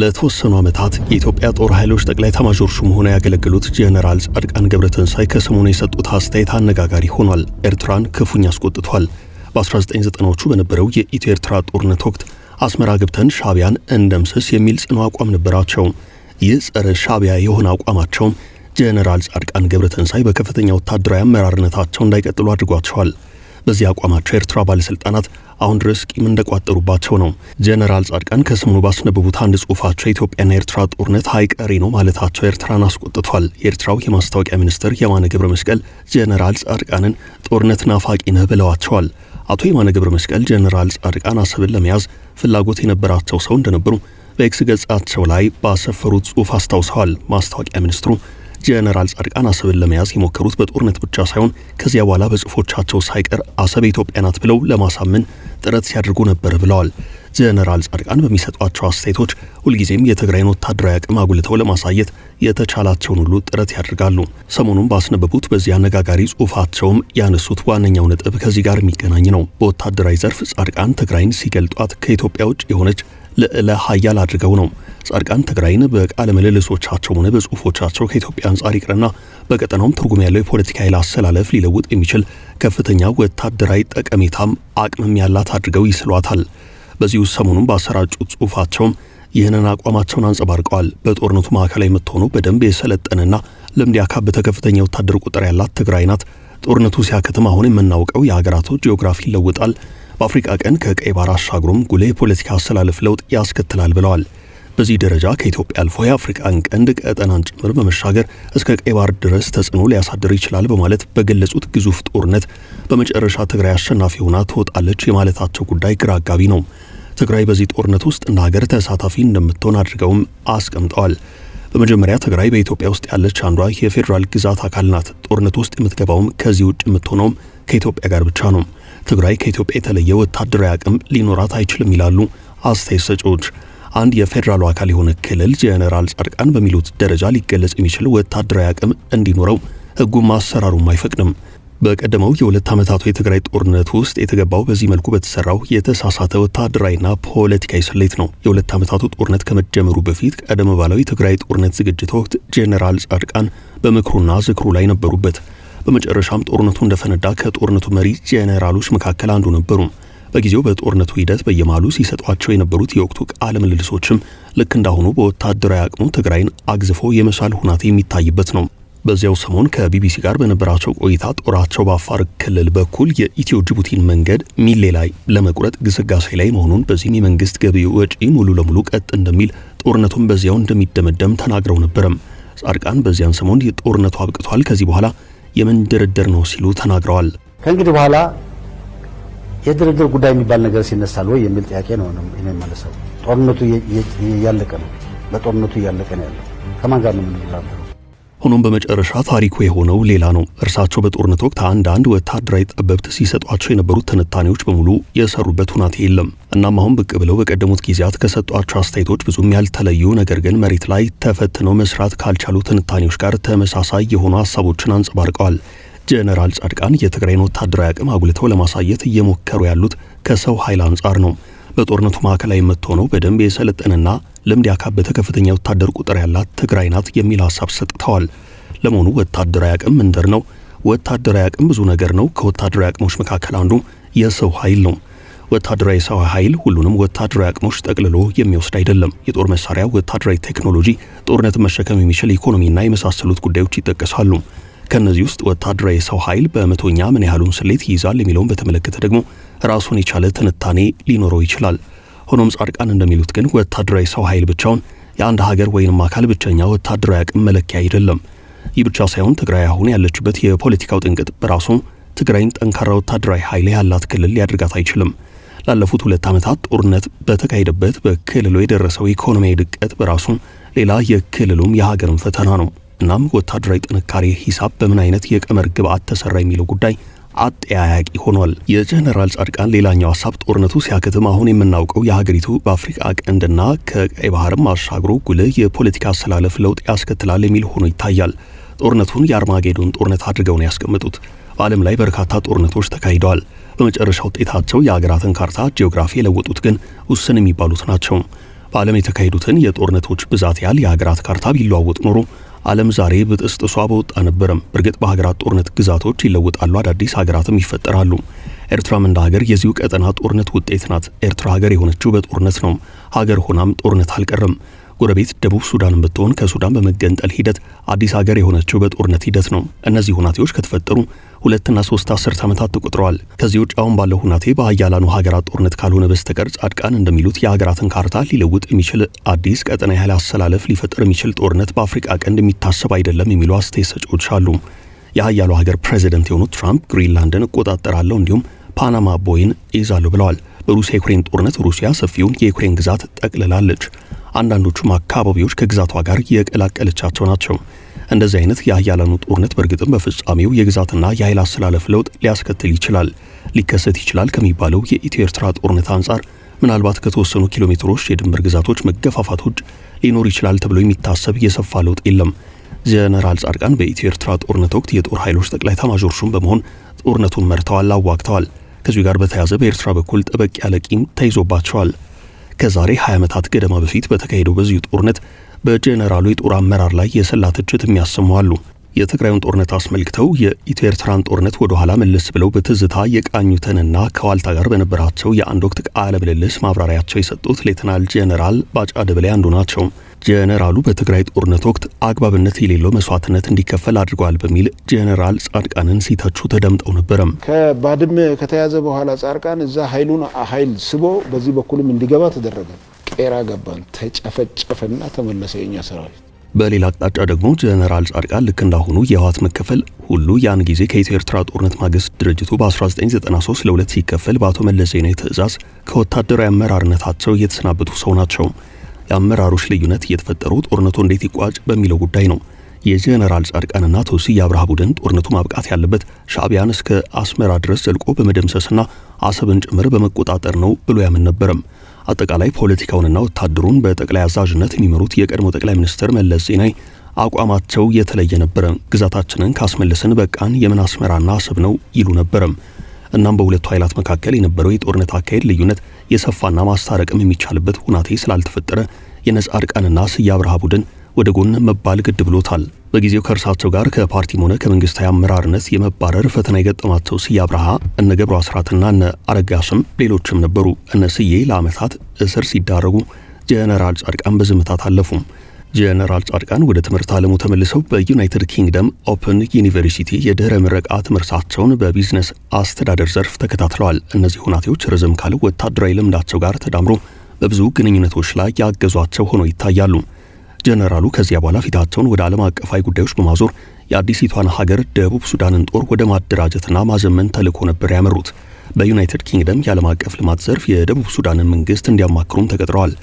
ለተወሰኑ ዓመታት የኢትዮጵያ ጦር ኃይሎች ጠቅላይ ኤታማዦር ሹም ሆነው ያገለገሉት ጄኔራል ጻድቃን ገብረትንሳይ ከሰሞኑ የሰጡት አስተያየት አነጋጋሪ ሆኗል። ኤርትራን ክፉኛ አስቆጥቷል። በ1990ዎቹ በነበረው የኢትዮ ኤርትራ ጦርነት ወቅት አስመራ ገብተን ሻቢያን እንደምስስ የሚል ጽኑ አቋም ነበራቸው። ይህ ጸረ ሻቢያ የሆነ አቋማቸውም ጄኔራል ጻድቃን ገብረትንሳይ በከፍተኛ ወታደራዊ አመራርነታቸው እንዳይቀጥሉ አድርጓቸዋል። በዚህ አቋማቸው የኤርትራ ባለስልጣናት አሁን ድረስ ቂም እንደቋጠሩባቸው ነው። ጀነራል ጻድቃን ከሰሞኑ ባስነበቡት አንድ ጽሁፋቸው የኢትዮጵያና የኤርትራ ጦርነት አይቀሬ ነው ማለታቸው ኤርትራን አስቆጥቷል። የኤርትራው የማስታወቂያ ሚኒስትር የማነ ገብረ መስቀል ጀነራል ጻድቃንን ጦርነት ናፋቂ ነህ ብለዋቸዋል። አቶ የማነ ገብረ መስቀል ጀነራል ጻድቃን አሰብን ለመያዝ ፍላጎት የነበራቸው ሰው እንደነበሩ በኤክስ ገጻቸው ላይ ባሰፈሩት ጽሁፍ አስታውሰዋል። ማስታወቂያ ሚኒስትሩ ጀነራል ጻድቃን አሰብን ለመያዝ የሞከሩት በጦርነት ብቻ ሳይሆን ከዚያ በኋላ በጽሁፎቻቸው ሳይቀር አሰብ የኢትዮጵያ ናት ብለው ለማሳመን ጥረት ሲያደርጉ ነበር ብለዋል። ጀነራል ጻድቃን በሚሰጧቸው አስተያየቶች ሁልጊዜም የትግራይን ወታደራዊ አቅም አጉልተው ለማሳየት የተቻላቸውን ሁሉ ጥረት ያደርጋሉ። ሰሞኑን ባስነበቡት በዚህ አነጋጋሪ ጽሁፋቸውም ያነሱት ዋነኛው ነጥብ ከዚህ ጋር የሚገናኝ ነው። በወታደራዊ ዘርፍ ጻድቃን ትግራይን ሲገልጧት ከኢትዮጵያ ውጭ የሆነች ልዕለ ሀያል አድርገው ነው። ጻድቃን ትግራይን በቃለ ምልልሶቻቸው ሆነ በጽሁፎቻቸው ከኢትዮጵያ አንጻር ይቅርና በቀጠናውም ትርጉም ያለው የፖለቲካ ኃይል አሰላለፍ ሊለውጥ የሚችል ከፍተኛ ወታደራዊ ጠቀሜታም አቅምም ያላት አድርገው ይስሏታል። በዚሁ ሰሞኑን ባሰራጩት ጽሁፋቸውም ይህንን አቋማቸውን አንጸባርቀዋል። በጦርነቱ ማዕከላዊ የምትሆኑ በደንብ የሰለጠነና ልምድ ያካበተ ከፍተኛ ወታደር ቁጥር ያላት ትግራይ ናት። ጦርነቱ ሲያከትም አሁን የምናውቀው የሀገራቱ ጂኦግራፊ ይለውጣል። በአፍሪቃ ቀን ከቀይ ባህር አሻግሮም ጉልህ የፖለቲካ አሰላለፍ ለውጥ ያስከትላል ብለዋል። በዚህ ደረጃ ከኢትዮጵያ አልፎ የአፍሪካን ቀንድ ቀጠናን ጭምር በመሻገር እስከ ቀይ ባህር ድረስ ተጽዕኖ ሊያሳድር ይችላል በማለት በገለጹት ግዙፍ ጦርነት በመጨረሻ ትግራይ አሸናፊ ሆና ትወጣለች የማለታቸው ጉዳይ ግራ አጋቢ ነው። ትግራይ በዚህ ጦርነት ውስጥ እንደ ሀገር ተሳታፊ እንደምትሆን አድርገውም አስቀምጠዋል። በመጀመሪያ ትግራይ በኢትዮጵያ ውስጥ ያለች አንዷ የፌዴራል ግዛት አካል ናት። ጦርነት ውስጥ የምትገባውም ከዚህ ውጭ የምትሆነውም ከኢትዮጵያ ጋር ብቻ ነው። ትግራይ ከኢትዮጵያ የተለየ ወታደራዊ አቅም ሊኖራት አይችልም ይላሉ አስተያየት ሰጪዎች። አንድ የፌዴራሉ አካል የሆነ ክልል ጄኔራል ጻድቃን በሚሉት ደረጃ ሊገለጽ የሚችል ወታደራዊ አቅም እንዲኖረው ህጉም አሰራሩም አይፈቅድም። በቀደመው የሁለት ዓመታቱ የትግራይ ጦርነት ውስጥ የተገባው በዚህ መልኩ በተሰራው የተሳሳተ ወታደራዊና ፖለቲካዊ ስሌት ነው። የሁለት ዓመታቱ ጦርነት ከመጀመሩ በፊት ቀደም ባለው የትግራይ ጦርነት ዝግጅት ወቅት ጄኔራል ጻድቃን በምክሩና ዝክሩ ላይ ነበሩበት። በመጨረሻም ጦርነቱ እንደፈነዳ ከጦርነቱ መሪ ጄኔራሎች መካከል አንዱ ነበሩ። በጊዜው በጦርነቱ ሂደት በየማሉ ሲሰጧቸው የነበሩት የወቅቱ ቃለ ምልልሶችም ልክ እንዳሁኑ በወታደራዊ አቅሙ ትግራይን አግዝፎ የመሳል ሁናቴ የሚታይበት ነው። በዚያው ሰሞን ከቢቢሲ ጋር በነበራቸው ቆይታ ጦራቸው በአፋር ክልል በኩል የኢትዮ ጅቡቲን መንገድ ሚሌ ላይ ለመቁረጥ ግስጋሴ ላይ መሆኑን በዚህም የመንግስት ገቢ ወጪ ሙሉ ለሙሉ ቀጥ እንደሚል ጦርነቱን በዚያው እንደሚደመደም ተናግረው ነበረም። ጻድቃን በዚያን ሰሞን ጦርነቱ አብቅቷል፣ ከዚህ በኋላ የምን ድርድር ነው ሲሉ ተናግረዋል። ከእንግዲህ በኋላ የድርድር ጉዳይ የሚባል ነገር ሲነሳል ወይ የሚል ጥያቄ ነው የመለሰው። ጦርነቱ እያለቀ ነው፣ በጦርነቱ እያለቀ ነው ያለው። ከማን ጋር ነው የምንደራደረው? ሆኖም በመጨረሻ ታሪኩ የሆነው ሌላ ነው። እርሳቸው በጦርነት ወቅት አንድ አንድ ወታደራዊ ጠበብት ሲሰጧቸው የነበሩት ትንታኔዎች በሙሉ የሰሩበት ሁናቴ የለም። እናም አሁን ብቅ ብለው በቀደሙት ጊዜያት ከሰጧቸው አስተያየቶች ብዙም ያልተለዩ ነገር ግን መሬት ላይ ተፈትነው መስራት ካልቻሉ ትንታኔዎች ጋር ተመሳሳይ የሆኑ ሀሳቦችን አንጸባርቀዋል። ጄኔራል ጻድቃን የትግራይን ወታደራዊ አቅም አጉልተው ለማሳየት እየሞከሩ ያሉት ከሰው ኃይል አንጻር ነው። በጦርነቱ ማዕከላዊ የምትሆነው በደንብ የሰለጠነና ልምድ ያካበተ ከፍተኛ ወታደር ቁጥር ያላት ትግራይ ናት የሚል ሀሳብ ሰጥተዋል። ለመሆኑ ወታደራዊ አቅም ምንድር ነው? ወታደራዊ አቅም ብዙ ነገር ነው። ከወታደራዊ አቅሞች መካከል አንዱ የሰው ኃይል ነው። ወታደራዊ ሰው ኃይል ሁሉንም ወታደራዊ አቅሞች ጠቅልሎ የሚወስድ አይደለም። የጦር መሳሪያ፣ ወታደራዊ ቴክኖሎጂ፣ ጦርነትን መሸከም የሚችል ኢኮኖሚና የመሳሰሉት ጉዳዮች ይጠቀሳሉ። ከእነዚህ ውስጥ ወታደራዊ ሰው ኃይል በመቶኛ ምን ያህሉን ስሌት ይይዛል የሚለውን በተመለከተ ደግሞ ራሱን የቻለ ትንታኔ ሊኖረው ይችላል። ሆኖም ጻድቃን እንደሚሉት ግን ወታደራዊ ሰው ኃይል ብቻውን የአንድ ሀገር ወይንም አካል ብቸኛ ወታደራዊ አቅም መለኪያ አይደለም። ይህ ብቻ ሳይሆን ትግራይ አሁን ያለችበት የፖለቲካው ጥንቅጥ በራሱ ትግራይን ጠንካራ ወታደራዊ ኃይል ያላት ክልል ሊያደርጋት አይችልም። ላለፉት ሁለት ዓመታት ጦርነት በተካሄደበት በክልሉ የደረሰው ኢኮኖሚያዊ ድቀት በራሱ ሌላ የክልሉም የሀገርም ፈተና ነው። እናም ወታደራዊ ጥንካሬ ሂሳብ በምን አይነት የቀመር ግብዓት ተሰራ የሚለው ጉዳይ አጠያያቂ ሆኗል። የጀነራል ጻድቃን ሌላኛው ሀሳብ ጦርነቱ ሲያከትም አሁን የምናውቀው የሀገሪቱ በአፍሪካ ቀንድና ከቀይ ባህርም አሻግሮ ጉልህ የፖለቲካ አሰላለፍ ለውጥ ያስከትላል የሚል ሆኖ ይታያል። ጦርነቱን የአርማጌዶን ጦርነት አድርገው ነው ያስቀመጡት። በዓለም ላይ በርካታ ጦርነቶች ተካሂደዋል። በመጨረሻ ውጤታቸው የሀገራትን ካርታ ጂኦግራፊ የለወጡት ግን ውስን የሚባሉት ናቸው። በዓለም የተካሄዱትን የጦርነቶች ብዛት ያህል የሀገራት ካርታ ቢለዋወጥ ኖሮ ዓለም ዛሬ በጥስጥሷ በወጣ ነበረም። እርግጥ በሀገራት ጦርነት ግዛቶች ይለወጣሉ፣ አዳዲስ ሀገራትም ይፈጠራሉ። ኤርትራም እንደ ሀገር የዚሁ ቀጠና ጦርነት ውጤት ናት። ኤርትራ ሀገር የሆነችው በጦርነት ነው። ሀገር ሆናም ጦርነት አልቀረም። ጎረቤት ደቡብ ሱዳን ብትሆን ከሱዳን በመገንጠል ሂደት አዲስ ሀገር የሆነችው በጦርነት ሂደት ነው። እነዚህ ሁናቴዎች ከተፈጠሩ ሁለትና ሶስት አስርት ዓመታት ተቆጥረዋል። ከዚህ ውጭ አሁን ባለው ሁናቴ በአያላኑ ሀገራት ጦርነት ካልሆነ በስተቀር ጻድቃን እንደሚሉት የሀገራትን ካርታ ሊለውጥ የሚችል አዲስ ቀጠና ያህል አሰላለፍ ሊፈጥር የሚችል ጦርነት በአፍሪቃ ቀንድ የሚታሰብ አይደለም የሚሉ አስተያየት ሰጪዎች አሉ። የአያሉ ሀገር ፕሬዚደንት የሆኑት ትራምፕ ግሪንላንድን እቆጣጠራለሁ እንዲሁም ፓናማ ቦይን ይዛሉ ብለዋል። በሩሲያ ዩክሬን ጦርነት ሩሲያ ሰፊውን የዩክሬን ግዛት ጠቅልላለች። አንዳንዶቹም አካባቢዎች ከግዛቷ ጋር የቀላቀለቻቸው ናቸው። እንደዚህ አይነት የአያላኑ ጦርነት በእርግጥም በፍጻሜው የግዛትና የኃይል አስተላለፍ ለውጥ ሊያስከትል ይችላል ሊከሰት ይችላል ከሚባለው የኢትዮ ኤርትራ ጦርነት አንጻር ምናልባት ከተወሰኑ ኪሎ ሜትሮች የድንበር ግዛቶች መገፋፋት ውጭ ሊኖር ይችላል ተብሎ የሚታሰብ የሰፋ ለውጥ የለም። ጀነራል ጻድቃን በኢትዮ ኤርትራ ጦርነት ወቅት የጦር ኃይሎች ጠቅላይ ታማዦር ሹም በመሆን ጦርነቱን መርተዋል፣ አዋግተዋል። ከዚሁ ጋር በተያያዘ በኤርትራ በኩል ጠበቅ ያለ ቂም ተይዞባቸዋል። ከዛሬ 20 ዓመታት ገደማ በፊት በተካሄደው በዚሁ ጦርነት በጄኔራሉ የጦር አመራር ላይ የሰላ ትችት የሚያሰሙ አሉ። የትግራዩን ጦርነት አስመልክተው የኢትዮ ኤርትራን ጦርነት ወደ ኋላ መለስ ብለው በትዝታ የቃኙትንና ከዋልታ ጋር በነበራቸው የአንድ ወቅት ቃለ ምልልስ ማብራሪያቸው የሰጡት ሌተናል ጄኔራል ባጫ ደበሌ አንዱ ናቸው። ጄኔራሉ በትግራይ ጦርነት ወቅት አግባብነት የሌለው መስዋዕትነት እንዲከፈል አድርጓል በሚል ጄኔራል ጻድቃንን ሲተቹ ተደምጠው ነበረም። ከባድመ ከተያዘ በኋላ ጻድቃን እዛ ኃይሉን ኃይል ስቦ በዚህ በኩልም እንዲገባ ተደረገ። ቄራ ገባን፣ ተጨፈጨፈና ተመለሰ የኛ ሰራዊት። በሌላ አቅጣጫ ደግሞ ጀነራል ጻድቃን ልክ እንዳሁኑ የህወሓት መከፈል ሁሉ ያን ጊዜ ከኢትዮ ኤርትራ ጦርነት ማግስት ድርጅቱ በ1993 ለሁለት ሲከፈል በአቶ መለስ ዜናዊ ትዕዛዝ ከወታደራዊ አመራርነታቸው እየተሰናበቱ ሰው ናቸው። የአመራሮች ልዩነት እየተፈጠሩ ጦርነቱ እንዴት ይቋጭ በሚለው ጉዳይ ነው። የጀነራል ጻድቃንና ተውስዬ አብርሃ ቡድን ጦርነቱ ማብቃት ያለበት ሻዕቢያን እስከ አስመራ ድረስ ዘልቆ በመደምሰስና አሰብን ጭምር በመቆጣጠር ነው ብሎ ያምን ነበረም። አጠቃላይ ፖለቲካውንና ወታደሩን በጠቅላይ አዛዥነት የሚመሩት የቀድሞ ጠቅላይ ሚኒስትር መለስ ዜናዊ አቋማቸው የተለየ ነበረ። ግዛታችንን ካስመለስን በቃን፣ የምን አስመራና አሰብ ነው ይሉ ነበረም። እናም በሁለቱ ኃይላት መካከል የነበረው የጦርነት አካሄድ ልዩነት የሰፋና ማስታረቅም የሚቻልበት ሁናቴ ስላልተፈጠረ የነጻ እርቃንና ስዬ አብርሃ ቡድን ወደ ጎን መባል ግድ ብሎታል። በጊዜው ከእርሳቸው ጋር ከፓርቲም ሆነ ከመንግስታዊ አመራርነት የመባረር ፈተና የገጠማቸው ስዬ አብርሃ፣ እነ ገብሩ አስራትና እነ አረጋስም ሌሎችም ነበሩ። እነ ስዬ ለአመታት እስር ሲዳረጉ ጀነራል ጻድቃን በዝምታ አለፉም። ጀነራል ጻድቃን ወደ ትምህርት ዓለሙ ተመልሰው በዩናይትድ ኪንግደም ኦፕን ዩኒቨርሲቲ የድህረ ምረቃ ትምህርታቸውን በቢዝነስ አስተዳደር ዘርፍ ተከታትለዋል። እነዚህ ሁናቴዎች ረዘም ካለው ወታደራዊ ልምዳቸው ጋር ተዳምሮ በብዙ ግንኙነቶች ላይ ያገዟቸው ሆነው ይታያሉ። ጀነራሉ ከዚያ በኋላ ፊታቸውን ወደ ዓለም አቀፋዊ ጉዳዮች በማዞር የአዲሲቷን ሀገር ደቡብ ሱዳንን ጦር ወደ ማደራጀትና ማዘመን ተልዕኮ ነበር ያመሩት። በዩናይትድ ኪንግደም የዓለም አቀፍ ልማት ዘርፍ የደቡብ ሱዳንን መንግስት እንዲያማክሩም ተቀጥረዋል።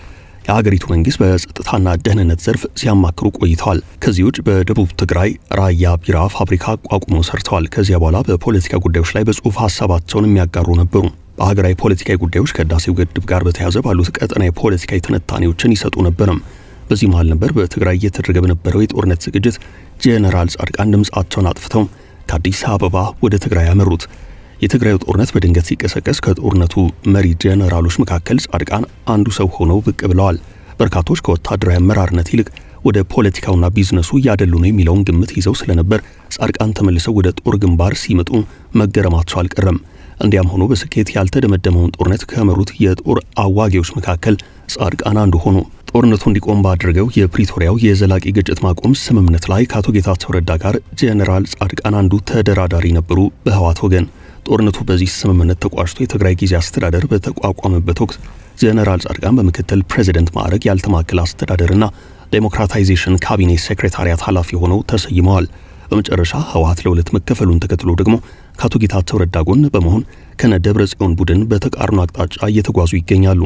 የሀገሪቱ መንግስት በጸጥታና ደህንነት ዘርፍ ሲያማክሩ ቆይተዋል። ከዚህ ውጭ በደቡብ ትግራይ ራያ ቢራ ፋብሪካ አቋቁመው ሰርተዋል። ከዚያ በኋላ በፖለቲካ ጉዳዮች ላይ በጽሁፍ ሀሳባቸውን የሚያጋሩ ነበሩ። በሀገራዊ ፖለቲካዊ ጉዳዮች ከህዳሴው ግድብ ጋር በተያያዘ ባሉት ቀጠና የፖለቲካዊ ትንታኔዎችን ይሰጡ ነበርም። በዚህ መሀል ነበር በትግራይ እየተደረገ በነበረው የጦርነት ዝግጅት ጄኔራል ጻድቃን ድምፃቸውን አጥፍተው ከአዲስ አበባ ወደ ትግራይ ያመሩት። የትግራዩ ጦርነት በድንገት ሲቀሰቀስ ከጦርነቱ መሪ ጀነራሎች መካከል ጻድቃን አንዱ ሰው ሆነው ብቅ ብለዋል። በርካቶች ከወታደራዊ አመራርነት ይልቅ ወደ ፖለቲካውና ቢዝነሱ እያደሉ ነው የሚለውን ግምት ይዘው ስለነበር ጻድቃን ተመልሰው ወደ ጦር ግንባር ሲመጡ መገረማቸው አልቀረም። እንዲያም ሆኖ በስኬት ያልተደመደመውን ጦርነት ከመሩት የጦር አዋጊዎች መካከል ጻድቃን አንዱ ሆኑ። ጦርነቱ እንዲቆም ባደረገው የፕሪቶሪያው የዘላቂ ግጭት ማቆም ስምምነት ላይ ከአቶ ጌታቸው ረዳ ጋር ጄኔራል ጻድቃን አንዱ ተደራዳሪ ነበሩ። በህዋት ወገን ጦርነቱ በዚህ ስምምነት ተቋጭቶ የትግራይ ጊዜ አስተዳደር በተቋቋመበት ወቅት ጀነራል ጻድቃን በምክትል ፕሬዚደንት ማዕረግ ያልተማከለ አስተዳደርና ዴሞክራታይዜሽን ካቢኔ ሴክሬታሪያት ኃላፊ ሆነው ተሰይመዋል። በመጨረሻ ህወሀት ለሁለት መከፈሉን ተከትሎ ደግሞ ከአቶ ጌታቸው ረዳ ጎን በመሆን ከነ ደብረ ጽዮን ቡድን በተቃርኖ አቅጣጫ እየተጓዙ ይገኛሉ።